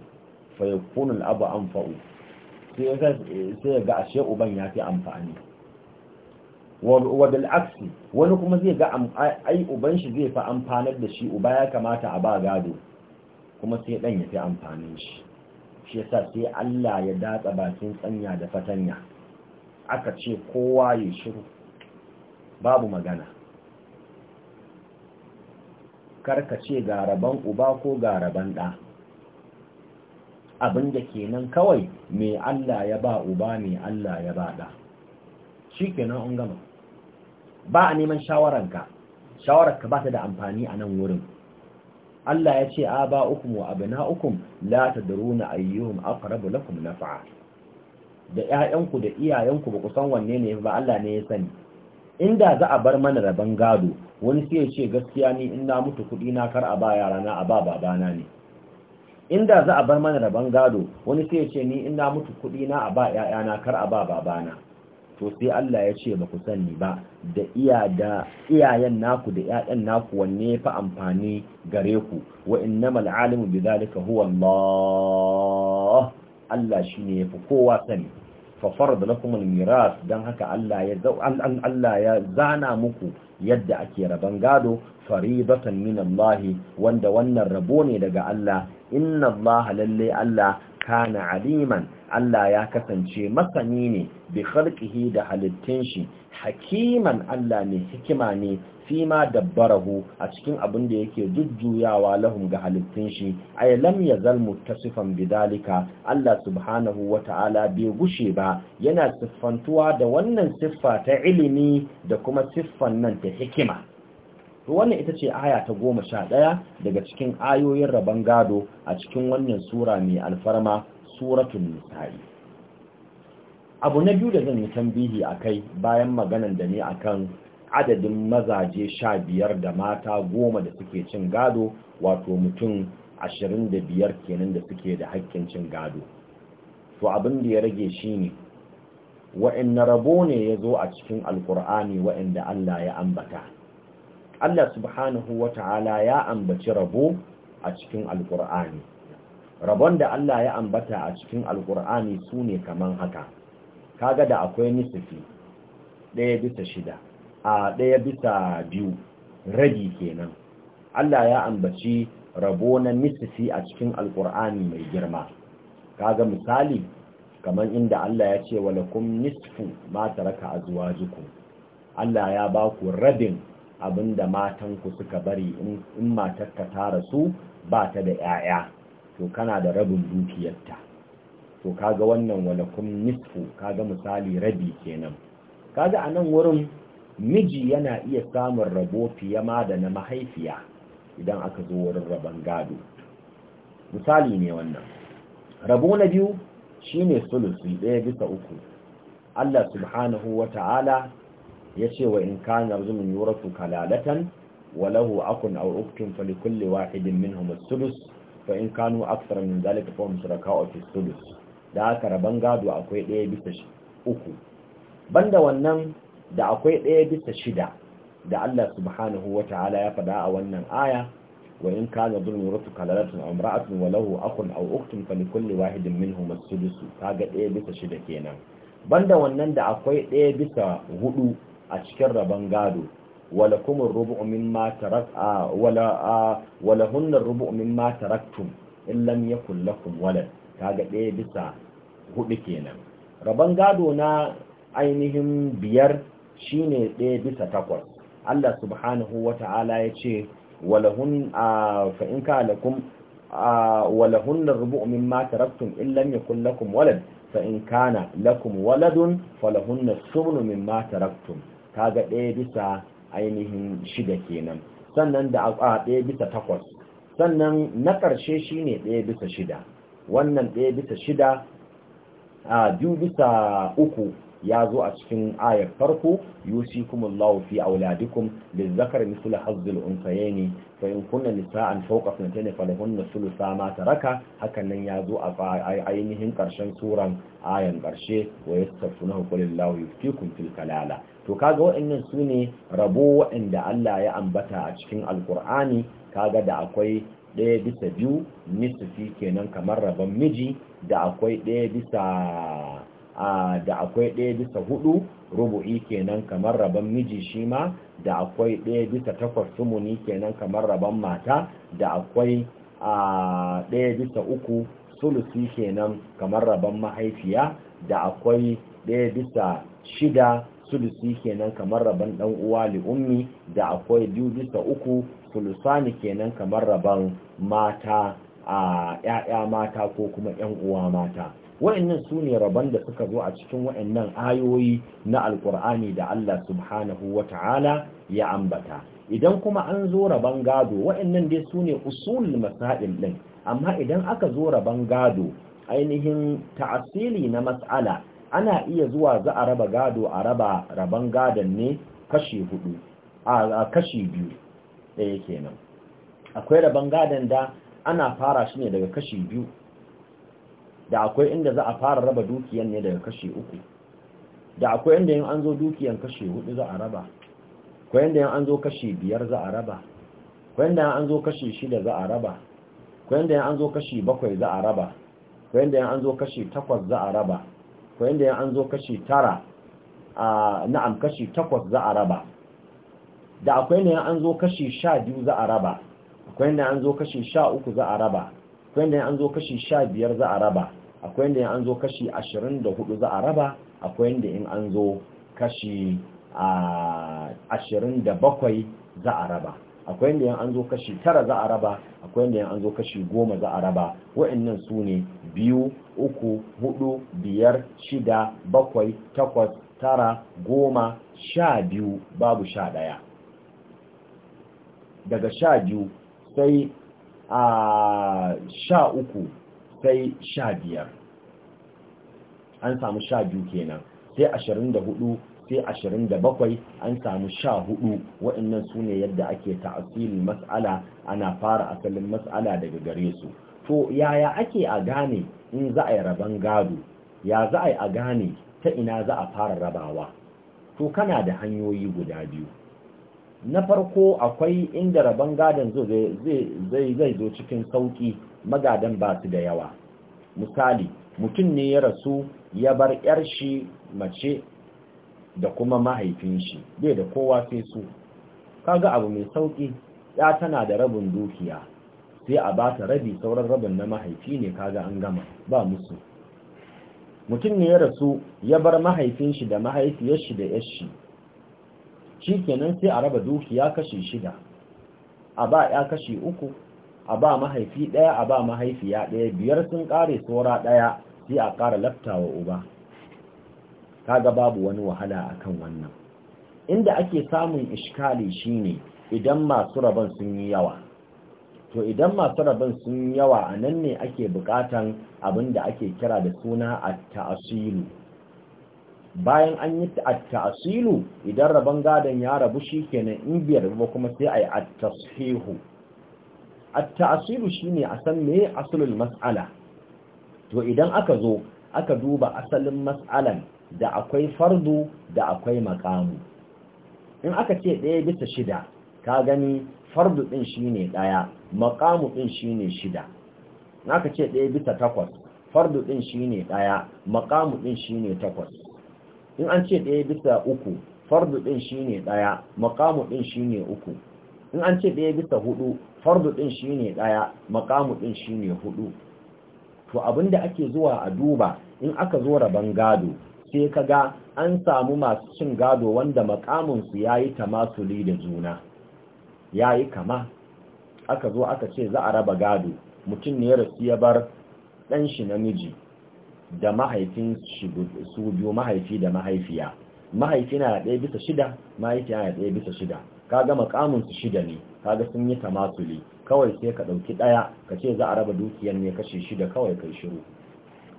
fa yakunu al abu anfa'u sai sai ga ashe uban ya fi amfani wa bil aksi wani kuma zai ga ai uban shi zai fa amfanar da shi uba ya kamata a ba gado kuma sai dan ya fi amfanin shi shi yasa sai Allah ya datsa bakin tsanya da fatanya aka ce kowa ya shiru babu magana karka ce garaban uba ko garaban ɗa abin da kenan kawai mai Allah ya ba uba mai Allah ya ba ɗa shi kenan an gama ba a neman shawararka shawararka ba ta da amfani a nan wurin Allah ya ce a ba abu na uku la tadruna ayyuhum kuma na fa'a. da 'ya'yanku da iyayenku ba kusan san wanne ne ba Allah ne ya sani inda za a bar mana rabon gado wani sai ya ce gaskiya ni in mutu kudi na kar a ba yara na a ba babana ne inda za a bar mana rabon gado wani sai ya ce ni in mutu kuɗi na a ba yaya na kar a ba babana to sai Allah ya ce ba ku sani ba da iya da iyayen naku da ƴaƴan naku wanne ya fi amfani gare ku wa innamal alimu bi zalika huwa Allah Allah shine yafi kowa sani fa da lakum al-miras dan haka Allah ya Allah ya zana muku yadda ake raban gado faridatan min Allah wanda wannan rabo ne daga Allah inna Allah lalle Allah kana aliman Allah ya kasance masani ne bi khalqihi da halittun shi hakiman Allah ne hikima ne fi ma dabbarahu a cikin abin da yake jujjuyawa lahum ga halittun shi ay lam yazal muttasifan bidalika Allah subhanahu wata'ala bai gushe ba yana siffantuwa da wannan siffa ta ilimi da kuma siffan nan ta hikima to wannan ita ce aya ta goma sha ɗaya daga cikin ayoyin rabon gado a cikin wannan sura mai alfarma suratun nisa'i abu na biyu da zan yi tambihi a kai bayan maganan da ne akan adadin mazaje sha biyar da mata goma da suke cin gado wato mutum ashirin da biyar kenan da suke da haƙƙin cin gado to abin da ya rage shi ne wa'in na rabo ne ya zo a cikin alkur'ani wa'in da allah ya ambata Allah subhanahu wa ta'ala ya ambaci rabo a cikin alkur'ani rabon da Allah ya ambata a cikin alkur'ani su ne kaman haka kaga da akwai nisifi ɗaya bisa shida a ɗaya bisa biyu rabi kenan Allah ya ambaci rabo na nisifi a cikin alkur'ani mai girma kaga misali kamar inda Allah ya ce walakum nisfu ma taraka azwajukum Allah ya ba ku rabin abinda matanku suka bari in matarka ta rasu ba ta da 'ya'ya to kana da rabin dukiyarta to kaga wannan walakum nisfu kaga misali rabi kenan kaga a nan wurin miji yana iya samun rabo fiye ma da na mahaifiya idan aka zo wurin rabon gado misali ne wannan rabo na biyu shine sulusi ɗaya bisa uku Allah subhanahu wa ta'ala yace wa in ka kana zulmun yuratu kalalatan walahu akun aw uktun fa li kulli wahidin minhum as-sudus fa in kanu akthara min zalika fa hum shuraka'u fi as-sudus da haka raban gado akwai ɗaya bisa uku banda wannan da akwai ɗaya bisa shida da Allah subhanahu wa ta'ala ya faɗa a wannan aya wa in kana zulmun yuratu kalalatun aw imra'atun walahu akun aw uktun fa li kulli wahidin minhum as-sudus kaga ɗaya bisa shida kenan banda wannan da akwai ɗaya bisa hudu a cikin rabon gado wala kuma rubu'u mimma tarak wala wala hunna rubu'u mimma taraktum in lam lakum kaga ɗaya bisa hudu kenan rabon gado na ainihin biyar shine ɗaya bisa takwas Allah subhanahu wa ta'ala ya ce walahun fa in ka lakum walahun taraktum in lam yakul lakum walad fa in kana lakum waladun falahun thumnu mimma taraktum kaga ɗaya bisa ainihin shida kenan sannan da a ɗaya bisa takwas sannan na ƙarshe shi ne ɗaya bisa shida wannan ɗaya bisa shida a biyu bisa uku ya zo a cikin ayar farko yusikumullahu fi auladikum lizakar mithlu hazzul unsayni fa in kunna nisa'an fawqa thnatayn falahunna thulutha ma taraka hakan nan ya zo a ainihin karshen suran ayan karshe wa yastafunahu qulillahu yuftikum fil kalala to kaga waɗannan su ne rabo waɗanda Allah ya ambata a cikin alkur'ani kaga da akwai ɗaya bisa biyu nisfi kenan kamar rabon miji da akwai ɗaya bisa da akwai ɗaya bisa hudu rubu'i kenan kamar rabon miji shi ma da akwai ɗaya bisa takwas sumuni kenan kamar rabon mata da akwai ɗaya bisa uku sulusi kenan kamar rabon mahaifiya da akwai ɗaya bisa shida sulusi kenan kamar rabon ɗan uwa li'ummi da akwai biyu bisa uku sulusani kenan kamar rabon mata a 'ya'ya mata ko kuma 'yan uwa mata wa'annan su ne rabon da suka zo a cikin wa'annan ayoyi na alkur'ani da Allah subhanahu wa ta'ala ya ambata idan kuma an zo rabon gado wa'annan dai su ne usul masail din amma idan aka zo rabon gado ainihin ta'asili na mas'ala ana iya zuwa za a raba gado a raba rabon gadon ne kashi hudu a kashi biyu ɗaya kenan akwai rabon gadon da ana fara shi ne daga kashi biyu da akwai inda za a fara raba dukiyan ne daga kashe uku da akwai inda yin an zo dukiyan kashe hudu za a raba akwai inda yin an zo kashe biyar za a raba akwai inda yin an zo kashe shida za a raba akwai inda yin an zo kashe bakwai za a raba akwai inda yin an zo kashe takwas za a raba akwai inda yin an zo kashe tara a na'am kashe takwas za a raba da akwai inda yin an zo kashe sha biyu za a raba akwai inda yin an zo kashe sha uku za a raba akwai inda an zo kashi sha biyar za a raba akwai inda an zo kashi ashirin da hudu za a raba akwai inda in an zo kashi ashirin da bakwai za a raba akwai inda an zo kashi tara za a raba akwai inda an zo kashi goma za a raba wa'annan su ne biyu uku hudu biyar shida bakwai takwas tara goma sha biyu babu sha daya daga sha biyu sai a sha uku sai sha biyar an samu sha biyu kenan sai ashirin da hudu sai ashirin da bakwai an samu sha hudu waɗannan su ne yadda ake ta'asilin matsala ana fara asalin matsala daga gare su to yaya ake a gane in za a yi rabon gado ya za a yi a gane ta ina za a fara rabawa to kana da hanyoyi guda biyu na farko akwai inda rabon gadon zai zai zo cikin sauki magadan ba su da yawa misali mutum ne ya rasu ya bar yar shi mace da kuma mahaifin shi bai da kowa sai su kaga abu mai sauki ya tana da rabin dukiya sai a ba ta rabi sauran rabin na mahaifi ne kaga an gama ba musu mutum ne ya rasu ya bar mahaifin shi da mahaifiyar shi da yar shi shi kenan sai a raba dukiya kashi shida a ba ya kashi uku a ba mahaifi ɗaya a ba mahaifiya ɗaya biyar sun ƙare tsora ɗaya sai a ƙara laftawa uba kaga babu wani wahala akan wannan inda ake samun iskali shine idan masu rabon sun yi yawa to idan masu rabon sun yi yawa a nan ne ake buƙatan abin da ake kira da suna a ta'asilu bayan an yi at-ta'silu idan rabon gadon ya rabu shikenan in biyar ba kuma sai ayi at-tashihu at-ta'silu shine a san me asalul mas'ala to idan aka zo aka duba asalin mas'alan da akwai fardu da akwai maqamu in aka ce ɗaya bisa shida ka gani fardu ɗin shine ɗaya maqamu ɗin shine shida in aka ce ɗaya bisa takwas fardu ɗin shine ɗaya maqamu ɗin shine takwas in an ce ɗaya bisa uku fardu ɗin shi ne ɗaya makamu ɗin shi ne uku in an ce ɗaya bisa hudu fardu ɗin shi ne ɗaya makamu ɗin shi ne hudu to abinda ake zuwa a duba in aka zo rabon gado sai ka ga an samu masu cin gado wanda makamunsu ya yi tamasuli da juna ya yi kama aka zo aka ce za a raba gado mutum ne rasu ya bar ɗan shi namiji da mahaifin su biyu mahaifi da mahaifiya mahaifi na ɗaya bisa shida mahaifi na ɗaya bisa shida kaga makamin su shida ne Ka ga sun yi tamatuli kawai sai ka ɗauki ɗaya ka ce za a raba dukiyar ne kashe shida kawai kai shiru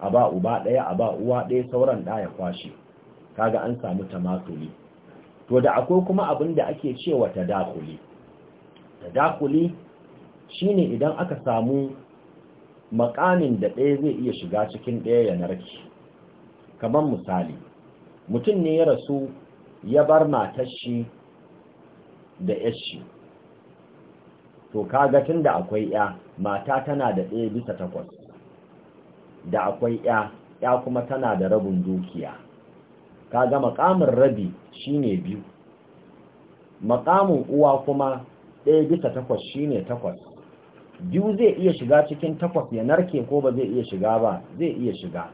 a ba uba ɗaya a ba uwa ɗaya sauran ɗaya kwashe Ka ga an samu tamatuli to da akwai kuma abin da ake cewa ta Ta tadakuli shine idan aka samu makamin da ɗaya zai iya shiga cikin ɗaya ya narki kamar misali mutum ne ya rasu ya bar matashi da yar shi to kaga tun da akwai ya mata tana da ɗaya bisa takwas da akwai ya ya kuma tana da rabin dukiya kaga makamin rabi shine biyu makamin uwa kuma ɗaya bisa takwas shine takwas biyu zai iya shiga cikin takwas ya narke ko ba zai iya shiga ba zai iya shiga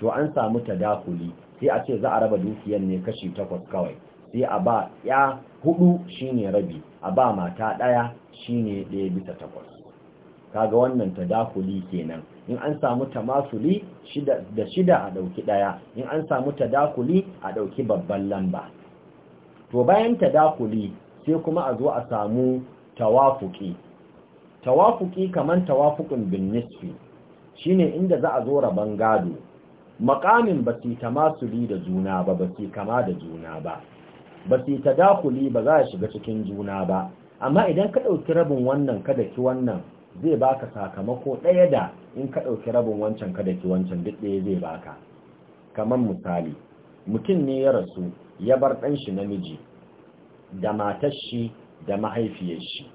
to an samu tadakuli sai a ce za a raba dukiyar ne kashi takwas kawai sai a ba ya hudu shine rabi a ba mata daya shine daya bisa takwas kaga wannan tadakuli kenan in an samu tamasuli shida da shida a dauki daya in an samu tadakuli a dauki babban lamba to bayan tadakuli sai kuma a zo a samu tawafuki tawafuki kaman tawafukun bin nisfi shine inda za a zo rabon gado makamin ba su tamasuli da juna ba ba su kama da juna ba ba su tadakuli ba za a shiga cikin juna ba amma idan ka ɗauki rabin wannan ka daki wannan zai baka sakamako ɗaya da in ka ɗauki rabin wancan ka daki wancan duk ɗaya zai baka kaman misali mutum ne ya rasu ya bar ɗan shi namiji da matar shi da mahaifiyar shi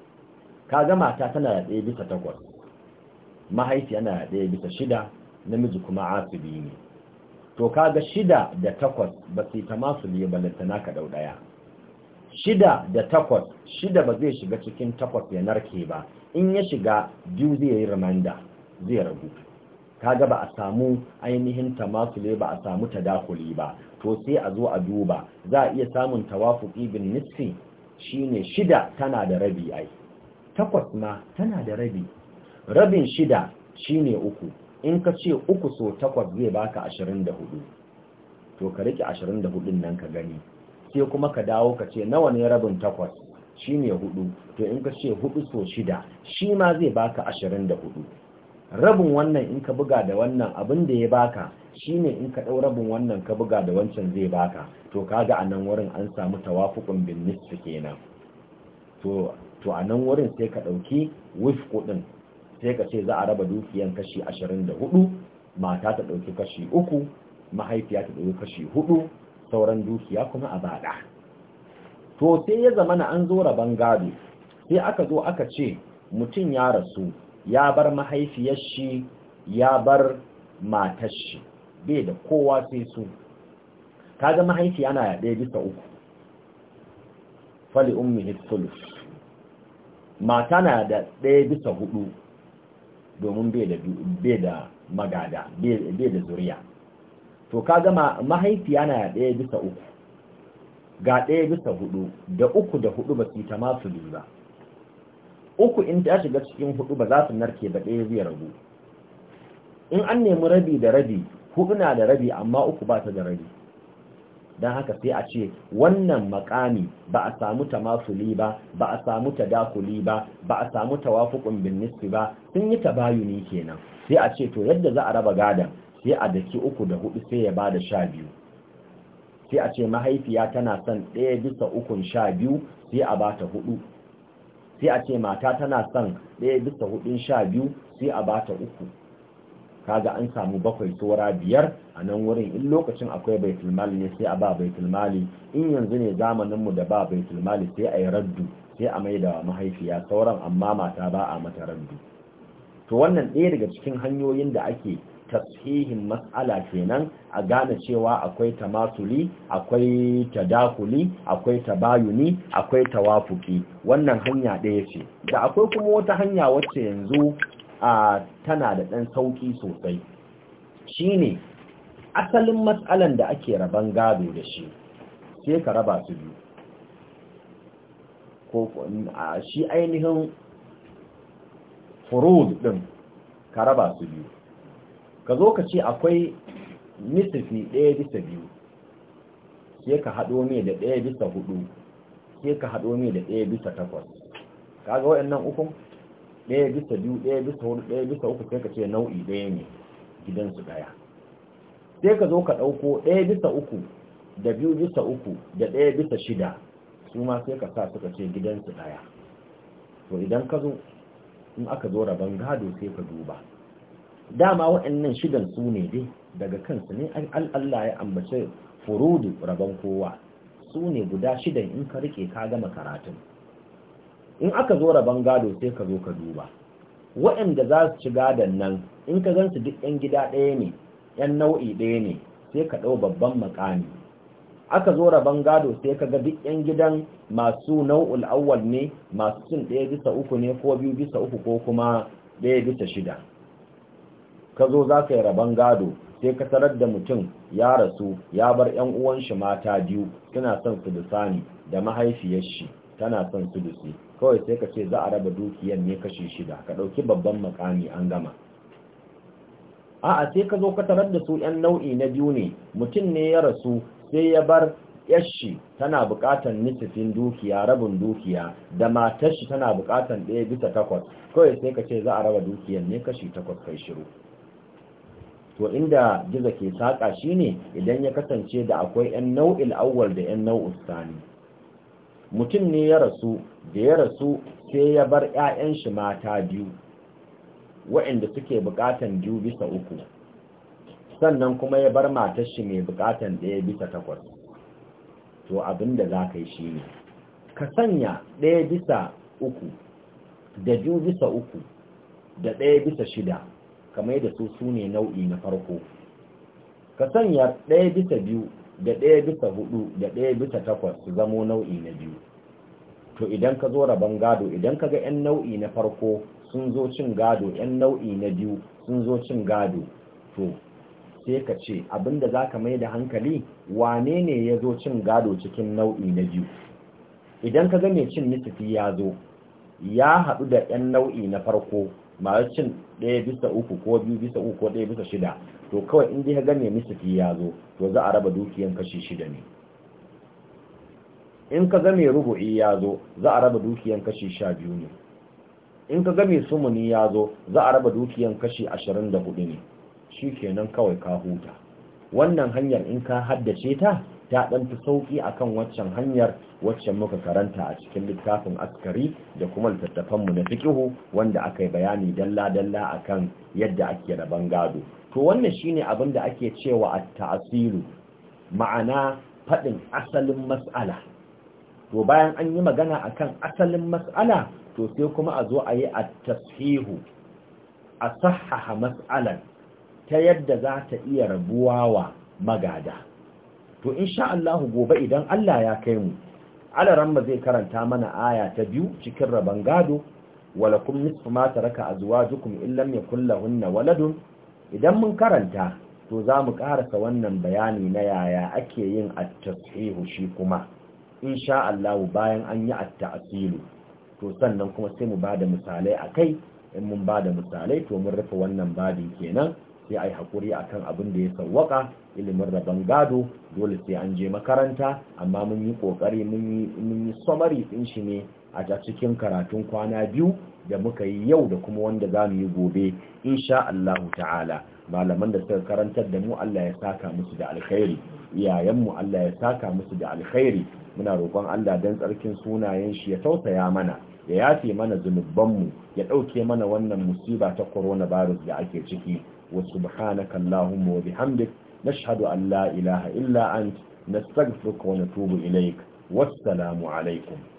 Ka kaga mata tana da ɗaya bisa takwas mahaifi yana da ɗaya bisa shida namiji kuma asibi ne to kaga shida da takwas ba su yi ta masu biyu tana ka ɗau ɗaya shida da takwas shida ba zai shiga cikin takwas ya narke ba in ya shiga biyu zai yi ramanda zai ragu kaga ba a samu ainihin ta tamasule ba a samu ta dakuli ba to sai a zo a duba za a iya samun tawafu ibin nisfi shine shida tana da rabi ai takwas ma tana da rabi rabin shida shine uku in ka ce uku so takwas zai baka ashirin da hudu to ka rike ashirin da hudun nan ka gani sai kuma ka dawo ka ce nawa ne rabin takwas shine hudu to in ka ce hudu so shida shi ma zai baka ashirin da hudu rabin wannan in ka buga da wannan abin da ya baka shine in ka ɗau rabin wannan ka buga da wancan zai baka to kaga a nan wurin an samu tawafuqun bin nisfi kenan to to a nan wurin sai ka ɗauki wif kuɗin, sai ka ce za a raba dukiyan kashi ashirin da hudu mata ta ɗauki kashi uku mahaifiya ta ɗauki kashi hudu sauran dukiya kuma a baɗa to sai ya zama na an zo raban gado sai aka zo aka ce mutum ya rasu ya bar mahaifiyar shi ya bar matar shi bai da kowa sai su kaga mahaifiya na ɗaya bisa uku fali ummi hitsulus mata na da ɗaya bisa hudu domin bai da magada bai da zuriya to ka gama mahaifiya na ɗaya bisa uku ga ɗaya bisa hudu da uku da hudu ba su ta masu ba uku in ta shiga cikin hudu ba za su narke ba ɗaya zai ragu. in an nemi rabi da rabi hudu na da rabi amma uku ba ta da rabi don haka sai a ce wannan makami ba a samu ta tamasuli ba ba a samu ta dakuli ba ba a samu ta wafukun binnisi ba sun yi ta tabayuni kenan sai a ce to yadda za a raba gadon, sai a daki uku da hudu sai ya ba da sha biyu sai a ce mahaifiya tana son ɗaya bisa ukun sha biyu sai a ba ta hudu sai a ce mata tana son ɗaya bisa hudun sha biyu sai a ba ta uku kaga an samu bakwai tsora biyar a nan wurin in lokacin akwai bai mali ne sai a ba baitul mali in yanzu ne zamanin mu da ba baitul mali sai a yi raddu sai a mai da mahaifiya sauran amma mata ba a mata raddu to wannan ɗaya daga cikin hanyoyin da ake tasihin mas'ala kenan a gane cewa akwai tamasuli akwai tadakuli akwai tabayuni akwai tawafuki wannan hanya ɗaya ce da akwai kuma wata hanya wacce yanzu a tana da ɗan sauƙi sosai Shi ne, asalin matsalan da ake raban gado da shi sai ka raba su biyu ko shi ainihin furud ɗin ka raba su biyu ka zo ka ce akwai nisifi ɗaya bisa biyu sai ka haɗo mai da ɗaya bisa hudu sai ka haɗo mai da ɗaya bisa takwas Ka ga waɗannan ukun ɗaya bisa biyu ɗaya bisa hudu ɗaya bisa uku sai ka ce nau'i ɗaya ne gidansu ɗaya sai ka zo ka ɗauko ɗaya bisa uku da biyu bisa uku da ɗaya bisa shida su ma sai ka sa suka ce gidansu ɗaya to idan ka zo in aka zo rabon gado sai ka duba dama waɗannan shidan su ne dai daga kansu ne Allah ya ambace furudu rabon kowa su ne guda shidan in ka rike ka gama karatun in aka zo rabon gado sai ka zo ka duba waɗanda za su ci gadon nan in ka su duk 'yan gida ɗaya ne 'yan nau'i ɗaya ne sai ka ɗau babban makami aka zo rabon gado sai ka ga duk 'yan gidan masu nau'ul awwal ne masu cin ɗaya bisa uku ne ko biyu bisa uku ko kuma ɗaya bisa shida ka zo za ka yi rabon gado sai ka tarar da mutum ya rasu ya bar 'yan uwan shi mata biyu suna son su da sani da mahaifiyar shi tana son su sulusi kawai sai ka ce za a raba dukiyan ne kashi shida ka ɗauki babban makami an gama a'a sai ka zo ka tarar da su 'yan nau'i na biyu ne mutum ne ya rasu sai ya bar yashi tana buƙatar nisifin dukiya rabin dukiya da matar shi tana buƙatar ɗaya bisa takwas kawai sai ka ce za a raba dukiyan ne kashi takwas kai shiru to inda gizo ke saƙa shine idan ya kasance da akwai 'yan nau'il awwal da 'yan nau'ul sani mutum ne ya rasu da ya rasu sai ya bar 'ya'yan shi mata biyu waɗanda suke buƙatan biyu bisa uku sannan kuma ya bar matar shi mai bukatan ɗaya bisa takwas to abinda za ka yi shi ne ka sanya ɗaya bisa uku da biyu bisa uku da ɗaya bisa shida kamar da su su ne nau'i na farko ka sanya ɗaya bisa biyu da ɗaya bisa hudu da ɗaya bisa takwas su zamo nau'i na biyu to idan ka zo rabon gado idan ka ga 'yan nau'i na farko sun zo cin gado 'yan nau'i na biyu sun zo cin gado to sai ka ce abinda za ka mai da hankali wane ne ya zo cin gado cikin nau'i na biyu idan ka ga mai cin nisifi ya zo ya haɗu da 'yan nau'i na farko masu cin ɗaya bisa uku ko biyu bisa uku ko ɗaya bisa shida to kawai in dai ka gane nisfi ya zo to za a raba dukiyan kashi shida ne in ka game rubu'i ya zo za a raba dukiyan kashi sha biyu ne in ka game sumuni ya zo za a raba dukiyan kashi ashirin da hudu ne shi kenan kawai ka huta wannan hanyar in ka haddace ta ta dan fi sauki akan waccan hanyar waccan muka karanta a cikin littafin askari da kuma littattafan mu na fikihu, wanda aka yi bayani dalla dalla akan yadda ake raban gado to wannan shine abin da ake cewa at-ta'silu ma'ana fadin asalin mas'ala to bayan an yi magana akan asalin mas'ala to sai kuma a zo a yi at-tashihu a sahaha mas'alan ta yadda za ta iya rabuwa wa magada to insha Allah gobe idan Allah ya kai mu mu zai karanta mana aya ta biyu cikin rabon gado wala nisfu ma taraka azwajukum in lam yakul lahunna waladun idan mun karanta to za mu karasa wannan bayani na yaya ake yin at-tashihu shi kuma insha Allah bayan an yi at-ta'silu to sannan kuma sai mu bada misalai akai in mun bada misalai to mun rufe wannan babin kenan sai ai hakuri akan abin da ya sawwaka ilimin rabon gado dole sai an je makaranta amma mun yi kokari mun yi summary din shi ne a cikin karatun kwana biyu da muka yi yau da kuma wanda za mu yi gobe insha Allah ta'ala malaman da suka karantar da mu Allah ya saka musu da alkhairi iyayenmu Allah ya saka musu da alkhairi muna roƙon Allah dan tsarkin sunayen shi ya tausaya mana ya yafe mana mu ya dauke mana wannan musiba ta corona virus da ake ciki wa subhanaka Allahumma wa bihamdika نشهد أن لا إله إلا أنت نستغفرك ونتوب إليك والسلام عليكم